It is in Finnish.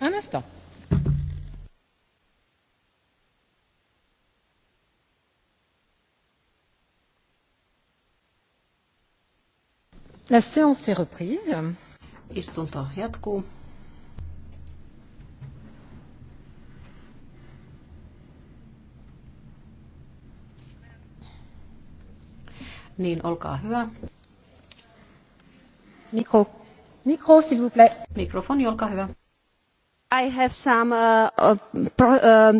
un instant. La séance est reprise. Istunto jatkuu. Niin, olkaa hyvä. Mikro. Mikro, s'il vous plaît. Mikrofoni, olkaa hyvä. I have some uh, uh pro, uh,